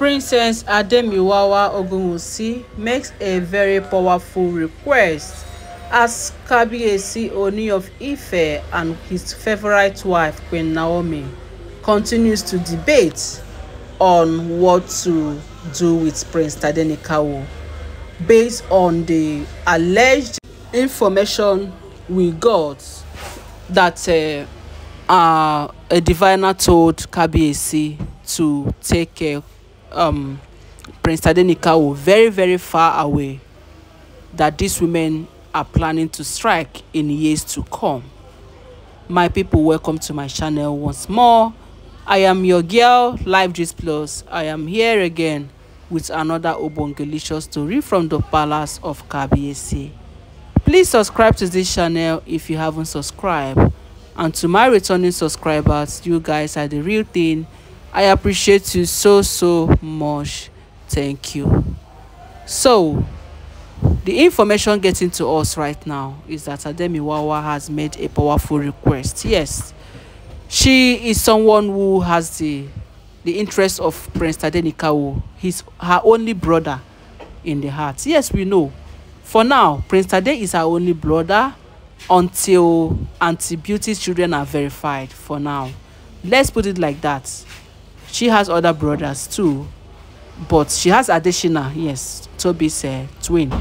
Princess Ademiwawa Ogunwusi makes a very powerful request as Kabiyesi Oni of Ife and his favorite wife Queen Naomi continues to debate on what to do with Prince Tadenikawo based on the alleged information we got that uh, uh, a diviner told Kabiyesi to take care um, Prince Tadenikawo very, very far away that these women are planning to strike in years to come. My people, welcome to my channel once more. I am your girl, Life Gist Plus. I am here again with another Obongelicious story from the palace of Kabiesi. Please subscribe to this channel if you haven't subscribed. And to my returning subscribers, you guys are the real thing I appreciate you so, so much. Thank you. So, the information getting to us right now is that Ademi Wawa has made a powerful request. Yes, she is someone who has the the interest of Prince Tadenikawo, his her only brother, in the heart. Yes, we know. For now, Prince Tade is her only brother until Auntie Beauty's children are verified. For now, let's put it like that she has other brothers too but she has additional yes toby's uh, twin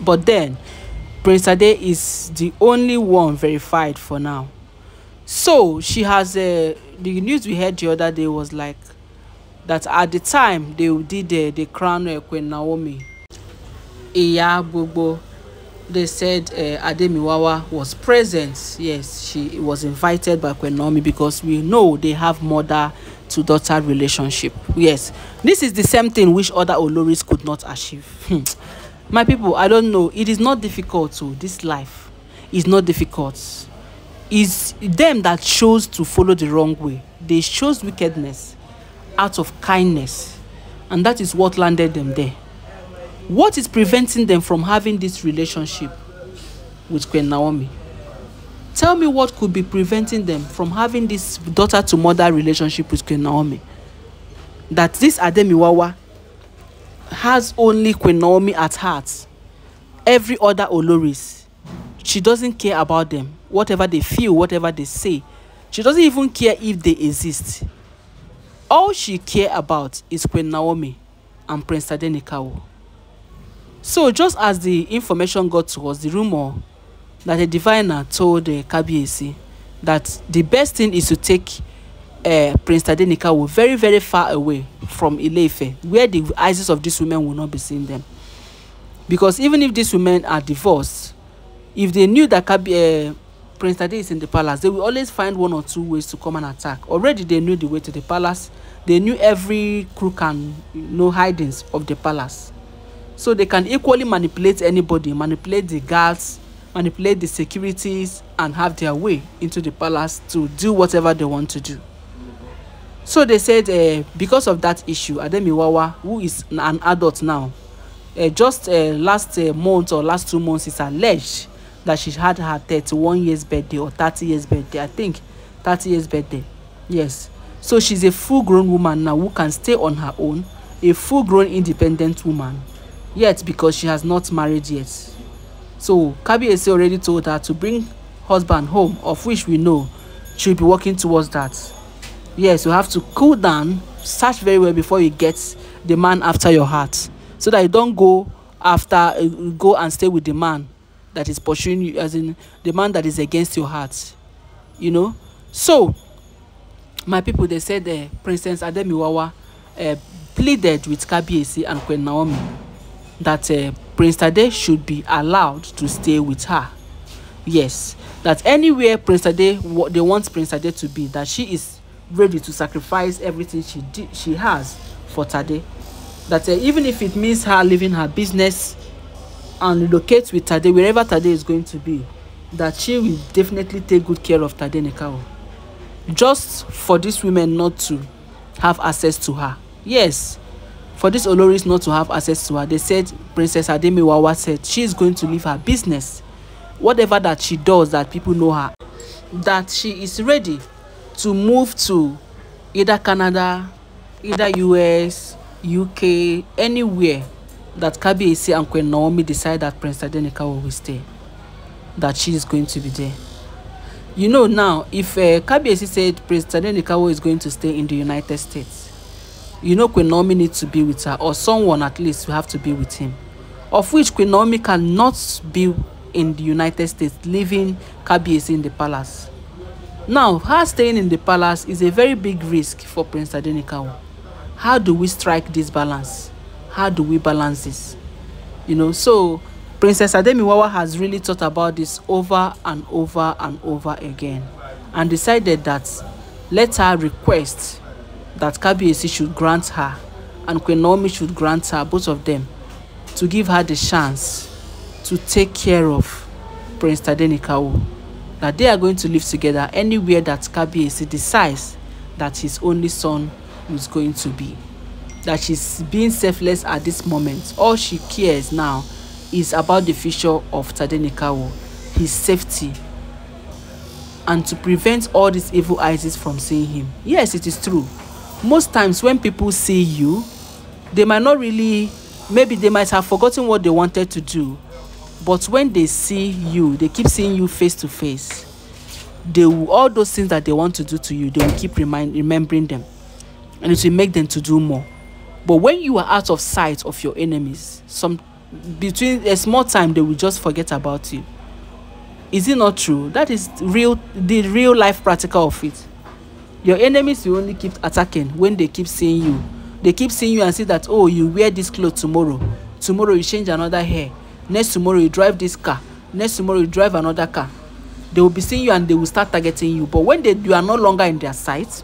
but then prince ade is the only one verified for now so she has uh, the news we heard the other day was like that at the time they did uh, the crown uh, queen naomi ìyá gbogbo they said uh, Ademiwawa was present. Yes, she was invited by Kwenomi because we know they have mother to daughter relationship. Yes, this is the same thing which other Oloris could not achieve. Hmm. My people, I don't know. It is not difficult to oh, this life. It's not difficult. It's them that chose to follow the wrong way. They chose wickedness out of kindness. And that is what landed them there. What is preventing them from having this relationship with Queen Naomi? Tell me what could be preventing them from having this daughter to mother relationship with Queen Naomi. That this Ademiwawa has only Queen Naomi at heart. Every other Oloris, she doesn't care about them. Whatever they feel, whatever they say, she doesn't even care if they exist. All she cares about is Queen Naomi and Prince Tadenikawo. So just as the information got to us, the rumor that a diviner told uh, eh, Kabiesi that the best thing is to take uh, Prince Tadenikawo very, very far away from Ile-Ife, where the eyes of these women will not be seeing them. Because even if these women are divorced, if they knew that Kabi, uh, eh, Prince Tade is in the palace, they will always find one or two ways to come and attack. Already they knew the way to the palace. They knew every crook and you know, hidings of the palace so they can equally manipulate anybody manipulate the guards manipulate the securities and have their way into the palace to do whatever they want to do so they said uh, because of that issue ademiwawa who is an adult now uh, just uh, last uh, month or last two months it's alleged that she had her 31 years birthday or 30 years birthday i think 30 years birthday yes so she's a full grown woman now who can stay on her own a full grown independent woman yet because she has not married yet. So Kabiese already told her to bring husband home, of which we know she'll be working towards that. Yes, you have to cool down, search very well before you get the man after your heart, so that you don't go after uh, go and stay with the man that is pursuing you, as in the man that is against your heart. You know, so my people they said uh, Princess Ademiwawa uh, pleaded with Kabiesi and Queen Naomi that uh, Prince Tade should be allowed to stay with her. Yes, that anywhere Prince Tade what they want Prince Tade to be, that she is ready to sacrifice everything she did, she has for Tade. That uh, even if it means her leaving her business and relocate with Tade wherever Tade is going to be, that she will definitely take good care of Tade Nekao. Just for these women not to have access to her. Yes, for these Oloris not to have access to her, they said Princess Ademewawa said she is going to leave her business. Whatever that she does that people know her, that she is ready to move to either Canada, either US, UK, anywhere that Kabiyesi and Queen Naomi decide that Prince Adenikawa will stay, that she is going to be there. You know now, if uh, Kabiyesi said Prince Adenikawa is going to stay in the United States, you know Queen Naomi needs to be with her, or someone at least will have to be with him. Of which Queen Naomi cannot be in the United States, leaving Kabiesi in the palace. Now, her staying in the palace is a very big risk for Prince Adenikawa. How do we strike this balance? How do we balance this? You know, so Princess Ademiwawa has really thought about this over and over and over again and decided that let her request that Kabiesi should grant her and Queen should grant her, both of them, to give her the chance to take care of Prince Tadenikawo. That they are going to live together anywhere that Kabiesi decides that his only son is going to be. That she's being selfless at this moment. All she cares now is about the future of Tadenikawo, his safety, and to prevent all these evil eyes from seeing him. Yes, it is true most times when people see you they might not really maybe they might have forgotten what they wanted to do but when they see you they keep seeing you face to face they will all those things that they want to do to you they will keep remind remembering them and it will make them to do more but when you are out of sight of your enemies some between a small time they will just forget about you is it not true that is real the real life practical of it your enemies will only keep attacking when they keep seeing you they keep seeing you and see that oh you wear this cloth tomorrow tomorrow you change another hair next tomorrow you drive this car next tomorrow you drive another car they will be seeing you and they will start targeting you but when they you are no longer in their sight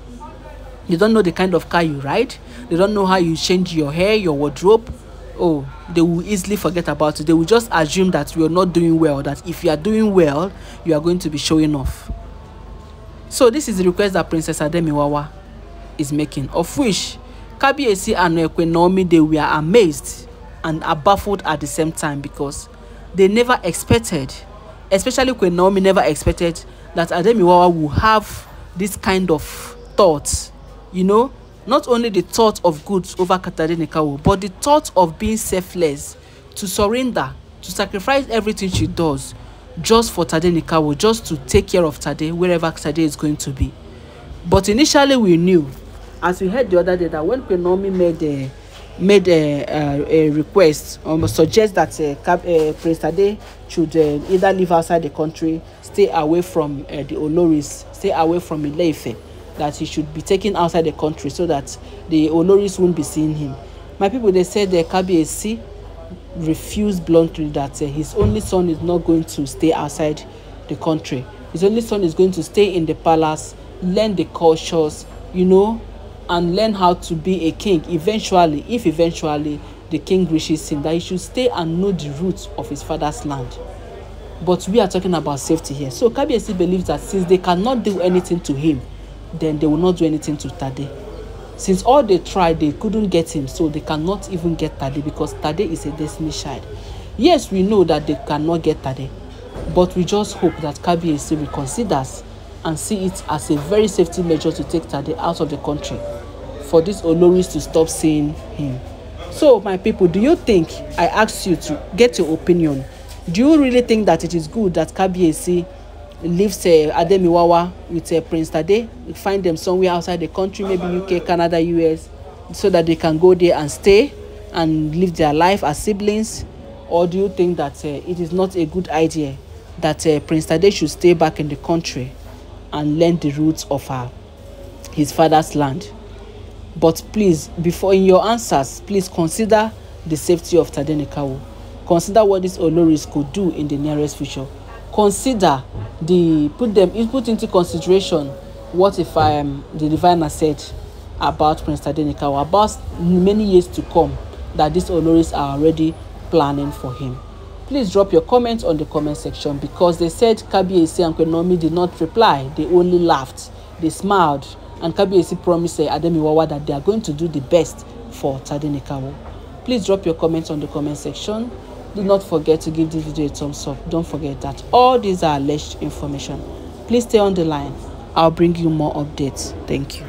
they don't know the kind of car you ride they don't know how you change your hair your wardrobe oh they will easily forget about it they will just assume that you are not doing well that if you are doing well you are going to be showing off So this is the request that Princess Ademiwawa is making, of which Kabiyesi and Ekwe Naomi, they were amazed and are baffled at the same time because they never expected, especially Ekwe Naomi never expected that Ademiwawa will have this kind of thoughts, you know, not only the thought of goods over Katarina Kawo, but the thought of being selfless, to surrender, to sacrifice everything she does just for Tade Nikawo, just to take care of Tade wherever Tade is going to be. But initially we knew, as we heard the other day, that when Kwenomi made a, made a, a, uh, a request, um, suggest that uh, Cap, uh, Prince Tade should uh, either live outside the country, stay away from uh, the Oloris, stay away from ile that he should be taken outside the country so that the Oloris won't be seeing him. My people, they said the uh, Kabiyesi refused bluntly that uh, his only son is not going to stay outside the country. His only son is going to stay in the palace, learn the cultures, you know, and learn how to be a king eventually, if eventually the king wishes him, that he should stay and know the roots of his father's land. But we are talking about safety here. So Kabiesi believes that since they cannot do anything to him, then they will not do anything to Tade. Since all they tried, they couldn't get him, so they cannot even get Tade because Tade is a destiny child. Yes, we know that they cannot get Tade, but we just hope that KBAC reconsiders and see it as a very safety measure to take Tade out of the country for this Oloris to stop seeing him. So, my people, do you think I ask you to get your opinion? Do you really think that it is good that KBAC leaves uh, Ademiwawa with uh, Prince Tade, find them somewhere outside the country, maybe UK, Canada, US, so that they can go there and stay and live their life as siblings? Or do you think that uh, it is not a good idea that uh, Prince Tade should stay back in the country and learn the roots of her, his father's land? But please, before in your answers, please consider the safety of Tade Consider what these Oloris could do in the nearest future consider the put them put into consideration what if I um, the diviner said about Prince Tadenika or about many years to come that these Oloris are already planning for him. Please drop your comments on the comment section because they said Kabiyesi and Kwenomi did not reply. They only laughed. They smiled. And Kabiyesi promised eh, Ademiwawa that they are going to do the best for Tadenikawo. Please drop your comments on the comment section. Do not forget to give this video a thumbs up. Don't forget that all these are alleged information. Please stay on the line. I'll bring you more updates. Thank you.